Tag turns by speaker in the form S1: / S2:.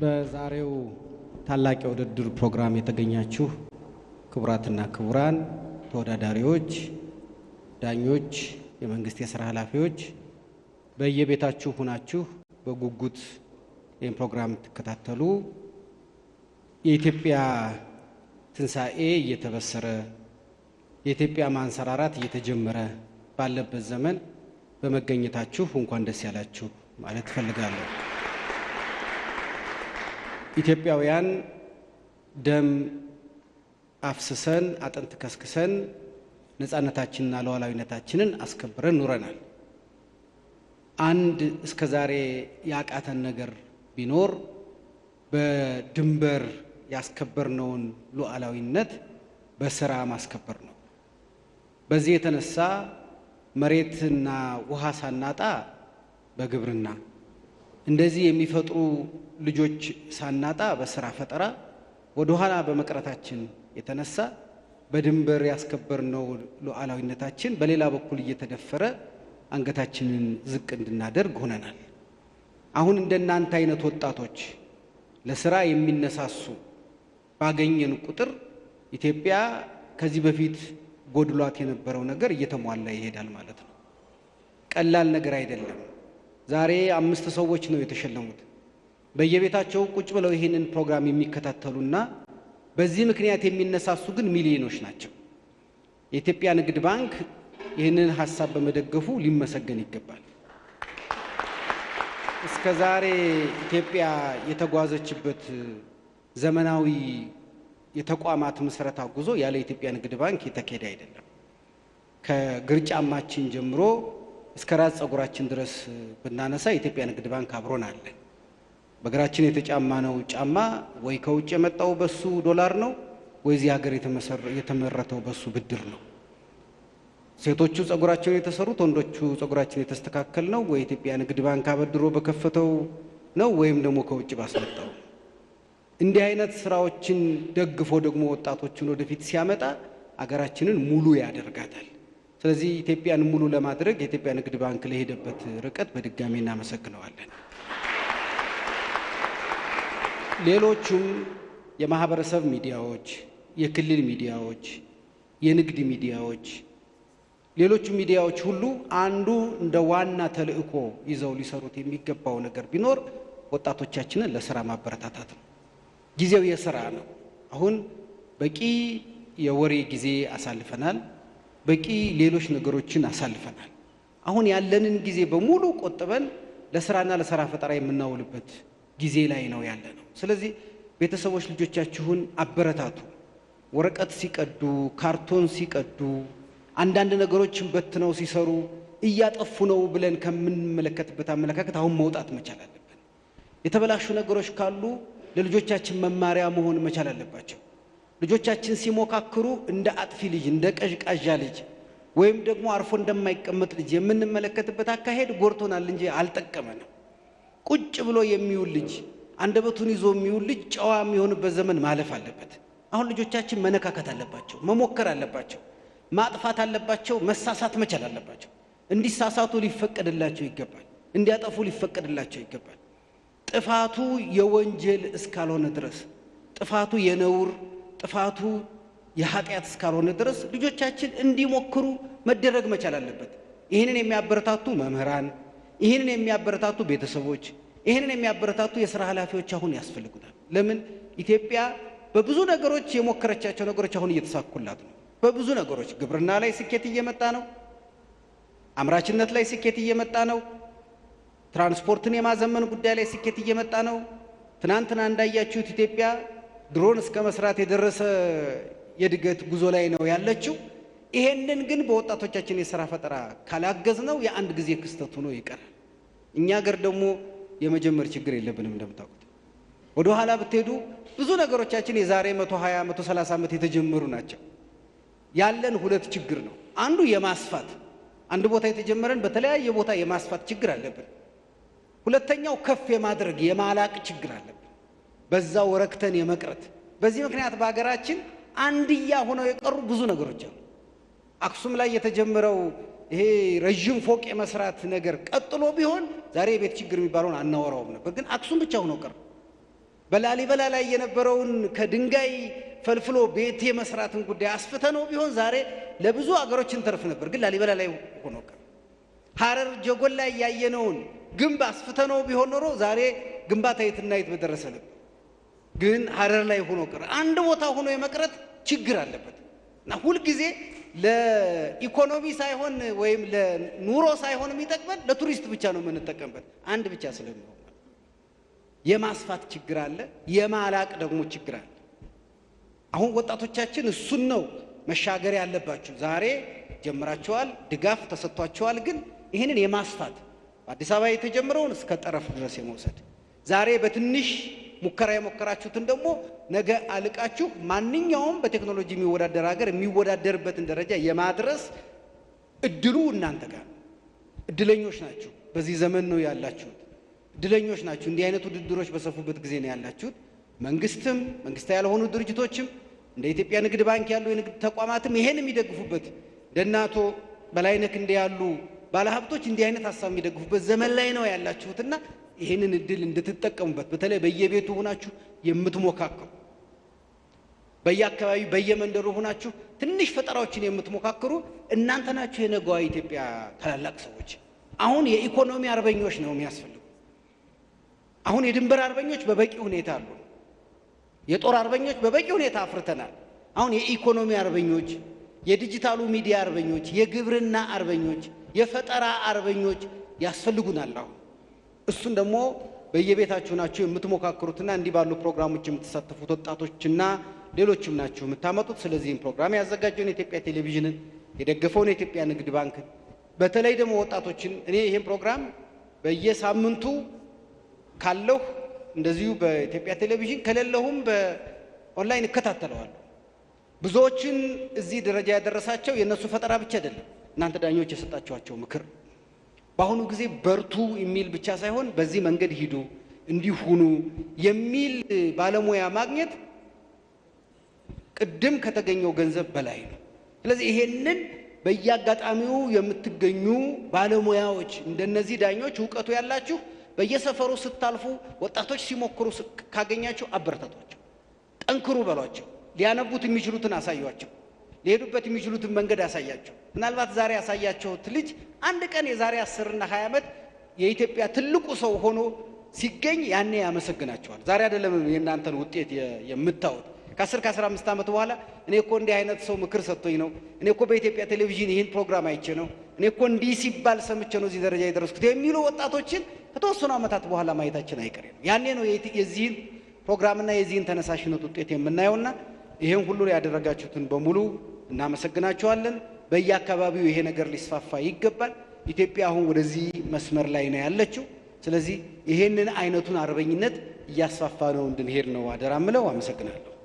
S1: በዛሬው ታላቅ የውድድር ፕሮግራም የተገኛችሁ ክቡራትና ክቡራን ተወዳዳሪዎች፣ ዳኞች፣ የመንግስት የስራ ኃላፊዎች በየቤታችሁ ሁናችሁ በጉጉት ይህን ፕሮግራም ትከታተሉ የኢትዮጵያ ትንሣኤ እየተበሰረ የኢትዮጵያ ማንሰራራት እየተጀመረ ባለበት ዘመን በመገኘታችሁ እንኳን ደስ ያላችሁ ማለት እፈልጋለሁ። ኢትዮጵያውያን ደም አፍስሰን አጥንት ከስክሰን ነጻነታችንና ሉዓላዊነታችንን አስከብረን ኑረናል። አንድ እስከ ዛሬ ያቃተን ነገር ቢኖር በድንበር ያስከበርነውን ሉዓላዊነት በስራ ማስከበር ነው። በዚህ የተነሳ መሬትና ውሃ ሳናጣ በግብርና እንደዚህ የሚፈጥሩ ልጆች ሳናጣ በስራ ፈጠራ ወደኋላ በመቅረታችን የተነሳ በድንበር ያስከበርነው ሉዓላዊነታችን በሌላ በኩል እየተደፈረ አንገታችንን ዝቅ እንድናደርግ ሆነናል። አሁን እንደናንተ አይነት ወጣቶች ለስራ የሚነሳሱ ባገኘን ቁጥር ኢትዮጵያ ከዚህ በፊት ጎድሏት የነበረው ነገር እየተሟላ ይሄዳል ማለት ነው። ቀላል ነገር አይደለም። ዛሬ አምስት ሰዎች ነው የተሸለሙት። በየቤታቸው ቁጭ ብለው ይህንን ፕሮግራም የሚከታተሉና በዚህ ምክንያት የሚነሳሱ ግን ሚሊዮኖች ናቸው። የኢትዮጵያ ንግድ ባንክ ይህንን ሀሳብ በመደገፉ ሊመሰገን ይገባል። እስከ ዛሬ ኢትዮጵያ የተጓዘችበት ዘመናዊ የተቋማት ምስረታ ጉዞ ያለ ኢትዮጵያ ንግድ ባንክ የተካሄደ አይደለም። ከግርጫማችን ጀምሮ እስከ ራስ ጸጉራችን ድረስ ብናነሳ የኢትዮጵያ ንግድ ባንክ አብሮን አለ። በእግራችን ነው ጫማ ወይ ከውጭ የመጣው በሱ ዶላር ነው ወይ እዚህ ሀገር የተመረተው በሱ ብድር ነው። ሴቶቹ ጸጉራቸውን የተሰሩት ወንዶቹ ጸጉራችን የተስተካከል ነው ወይ የኢትዮጵያ ንግድ ባንክ አበድሮ በከፈተው ነው ወይም ደግሞ ከውጭ ባስመጣው። እንዲህ አይነት ስራዎችን ደግፎ ደግሞ ወጣቶችን ወደፊት ሲያመጣ አገራችንን ሙሉ ያደርጋታል። ስለዚህ ኢትዮጵያን ሙሉ ለማድረግ የኢትዮጵያ ንግድ ባንክ ለሄደበት ርቀት በድጋሚ እናመሰግነዋለን። ሌሎቹም የማህበረሰብ ሚዲያዎች፣ የክልል ሚዲያዎች፣ የንግድ ሚዲያዎች፣ ሌሎቹ ሚዲያዎች ሁሉ አንዱ እንደ ዋና ተልዕኮ ይዘው ሊሰሩት የሚገባው ነገር ቢኖር ወጣቶቻችንን ለስራ ማበረታታት ነው። ጊዜው የስራ ነው። አሁን በቂ የወሬ ጊዜ አሳልፈናል። በቂ ሌሎች ነገሮችን አሳልፈናል። አሁን ያለንን ጊዜ በሙሉ ቆጥበን ለስራና ለስራ ፈጠራ የምናውልበት ጊዜ ላይ ነው ያለ ነው። ስለዚህ ቤተሰቦች ልጆቻችሁን አበረታቱ። ወረቀት ሲቀዱ፣ ካርቶን ሲቀዱ፣ አንዳንድ ነገሮችን በትነው ሲሰሩ እያጠፉ ነው ብለን ከምንመለከትበት አመለካከት አሁን መውጣት መቻል አለብን። የተበላሹ ነገሮች ካሉ ለልጆቻችን መማሪያ መሆን መቻል አለባቸው። ልጆቻችን ሲሞካክሩ እንደ አጥፊ ልጅ እንደ ቀዥቃዣ ልጅ ወይም ደግሞ አርፎ እንደማይቀመጥ ልጅ የምንመለከትበት አካሄድ ጎርቶናል እንጂ አልጠቀመንም። ቁጭ ብሎ የሚውል ልጅ፣ አንደበቱን ይዞ የሚውል ልጅ ጨዋ የሚሆንበት ዘመን ማለፍ አለበት። አሁን ልጆቻችን መነካከት አለባቸው፣ መሞከር አለባቸው፣ ማጥፋት አለባቸው፣ መሳሳት መቻል አለባቸው። እንዲሳሳቱ ሊፈቀድላቸው ይገባል። እንዲያጠፉ ሊፈቀድላቸው ይገባል። ጥፋቱ የወንጀል እስካልሆነ ድረስ ጥፋቱ የነውር ጥፋቱ የኃጢአት እስካልሆነ ድረስ ልጆቻችን እንዲሞክሩ መደረግ መቻል አለበት። ይህንን የሚያበረታቱ መምህራን፣ ይህንን የሚያበረታቱ ቤተሰቦች፣ ይህንን የሚያበረታቱ የስራ ኃላፊዎች አሁን ያስፈልጉታል። ለምን ኢትዮጵያ በብዙ ነገሮች የሞከረቻቸው ነገሮች አሁን እየተሳኩላት ነው። በብዙ ነገሮች ግብርና ላይ ስኬት እየመጣ ነው። አምራችነት ላይ ስኬት እየመጣ ነው። ትራንስፖርትን የማዘመን ጉዳይ ላይ ስኬት እየመጣ ነው። ትናንትና እንዳያችሁት ኢትዮጵያ ድሮን እስከ መስራት የደረሰ የእድገት ጉዞ ላይ ነው ያለችው። ይሄንን ግን በወጣቶቻችን የሥራ ፈጠራ ካላገዝ ነው የአንድ ጊዜ ክስተት ሆኖ ይቀራል። እኛ ገር ደግሞ የመጀመር ችግር የለብንም። እንደምታውቁት ወደ ኋላ ብትሄዱ ብዙ ነገሮቻችን የዛሬ 120 130 ዓመት የተጀመሩ ናቸው። ያለን ሁለት ችግር ነው። አንዱ የማስፋት አንድ ቦታ የተጀመረን በተለያየ ቦታ የማስፋት ችግር አለብን። ሁለተኛው ከፍ የማድረግ የማላቅ ችግር አለብን። በዛው ረክተን የመቅረት በዚህ ምክንያት በሀገራችን አንድያ ሆነው የቀሩ ብዙ ነገሮች አሉ። አክሱም ላይ የተጀመረው ይሄ ረዥም ፎቅ የመስራት ነገር ቀጥሎ ቢሆን ዛሬ የቤት ችግር የሚባለውን አናወራውም ነበር። ግን አክሱም ብቻ ሆኖ ቀር። በላሊበላ ላይ የነበረውን ከድንጋይ ፈልፍሎ ቤት የመስራትን ጉዳይ አስፍተ ነው ቢሆን ዛሬ ለብዙ አገሮች እንተርፍ ነበር። ግን ላሊበላ ላይ ሆኖ ቀር። ሀረር ጀጎል ላይ ያየነውን ግንብ አስፍተ ነው ቢሆን ኖሮ ዛሬ ግንባታ የትና የት በደረሰ ነበር። ግን ሀረር ላይ ሆኖ ቀረ። አንድ ቦታ ሆኖ የመቅረት ችግር አለበት እና ሁልጊዜ ለኢኮኖሚ ሳይሆን ወይም ለኑሮ ሳይሆን የሚጠቅመን ለቱሪስት ብቻ ነው የምንጠቀምበት አንድ ብቻ ስለሚሆን የማስፋት ችግር አለ፣ የማላቅ ደግሞ ችግር አለ። አሁን ወጣቶቻችን እሱን ነው መሻገር ያለባችሁ። ዛሬ ጀምራችኋል፣ ድጋፍ ተሰጥቷችኋል። ግን ይህንን የማስፋት በአዲስ አበባ የተጀመረውን እስከ ጠረፍ ድረስ የመውሰድ ዛሬ በትንሽ ሙከራ የሞከራችሁትን ደግሞ ነገ አልቃችሁ ማንኛውም በቴክኖሎጂ የሚወዳደር ሀገር የሚወዳደርበትን ደረጃ የማድረስ እድሉ እናንተ ጋር። እድለኞች ናችሁ። በዚህ ዘመን ነው ያላችሁት። እድለኞች ናችሁ። እንዲህ አይነት ውድድሮች በሰፉበት ጊዜ ነው ያላችሁት። መንግስትም መንግስታ ያልሆኑ ድርጅቶችም እንደ ኢትዮጵያ ንግድ ባንክ ያሉ የንግድ ተቋማትም ይሄን የሚደግፉበት እንደነ አቶ በላይነህ ባለሀብቶች እንዲህ አይነት ሀሳብ የሚደግፉበት ዘመን ላይ ነው ያላችሁትና ይህንን እድል እንድትጠቀሙበት በተለይ በየቤቱ ሆናችሁ የምትሞካክሩ በየአካባቢው በየመንደሩ ሆናችሁ ትንሽ ፈጠራዎችን የምትሞካክሩ እናንተ ናችሁ የነገዋ ኢትዮጵያ ታላላቅ ሰዎች። አሁን የኢኮኖሚ አርበኞች ነው የሚያስፈልጉ። አሁን የድንበር አርበኞች በበቂ ሁኔታ አሉ። የጦር አርበኞች በበቂ ሁኔታ አፍርተናል። አሁን የኢኮኖሚ አርበኞች፣ የዲጂታሉ ሚዲያ አርበኞች፣ የግብርና አርበኞች፣ የፈጠራ አርበኞች ያስፈልጉናል አሁን እሱን ደግሞ በየቤታችሁ ናችሁ የምትሞካክሩትና እንዲህ ባሉ ፕሮግራሞች የምትሳተፉት ወጣቶችና ሌሎችም ናችሁ የምታመጡት። ስለዚህም ፕሮግራም ያዘጋጀውን የኢትዮጵያ ቴሌቪዥንን የደገፈውን የኢትዮጵያ ንግድ ባንክን በተለይ ደግሞ ወጣቶችን እኔ ይህን ፕሮግራም በየሳምንቱ ካለሁ እንደዚሁ በኢትዮጵያ ቴሌቪዥን ከሌለሁም በኦንላይን እከታተለዋለሁ። ብዙዎችን እዚህ ደረጃ ያደረሳቸው የእነሱ ፈጠራ ብቻ አይደለም፣ እናንተ ዳኞች የሰጣችኋቸው ምክር በአሁኑ ጊዜ በርቱ የሚል ብቻ ሳይሆን በዚህ መንገድ ሂዱ እንዲሁኑ የሚል ባለሙያ ማግኘት ቅድም ከተገኘው ገንዘብ በላይ ነው። ስለዚህ ይሄንን በየአጋጣሚው የምትገኙ ባለሙያዎች እንደነዚህ ዳኞች እውቀቱ ያላችሁ በየሰፈሩ ስታልፉ ወጣቶች ሲሞክሩ ካገኛችሁ አበረታቷቸው፣ ጠንክሩ በሏቸው። ሊያነቡት የሚችሉትን አሳዩቸው፣ ሊሄዱበት የሚችሉትን መንገድ አሳያቸው። ምናልባት ዛሬ ያሳያቸውት ልጅ አንድ ቀን የዛሬ አስርና ሀያ ዓመት የኢትዮጵያ ትልቁ ሰው ሆኖ ሲገኝ ያኔ ያመሰግናቸዋል። ዛሬ አይደለም የእናንተን ውጤት የምታዩት። ከአስር ከአስራ አምስት ዓመት በኋላ እኔ እኮ እንዲህ አይነት ሰው ምክር ሰጥቶኝ ነው፣ እኔ እኮ በኢትዮጵያ ቴሌቪዥን ይህን ፕሮግራም አይቼ ነው፣ እኔ እኮ እንዲህ ሲባል ሰምቼ ነው እዚህ ደረጃ የደረስኩት የሚሉ ወጣቶችን ከተወሰኑ ዓመታት በኋላ ማየታችን አይቀሬ ነው። ያኔ ነው የዚህን ፕሮግራምና የዚህን ተነሳሽነት ውጤት የምናየውና ይህን ሁሉ ያደረጋችሁትን በሙሉ እናመሰግናችኋለን። በየአካባቢው ይሄ ነገር ሊስፋፋ ይገባል። ኢትዮጵያ አሁን ወደዚህ መስመር ላይ ነው ያለችው። ስለዚህ ይሄንን አይነቱን አርበኝነት እያስፋፋ ነው እንድንሄድ ነው አደራ ምለው። አመሰግናለሁ።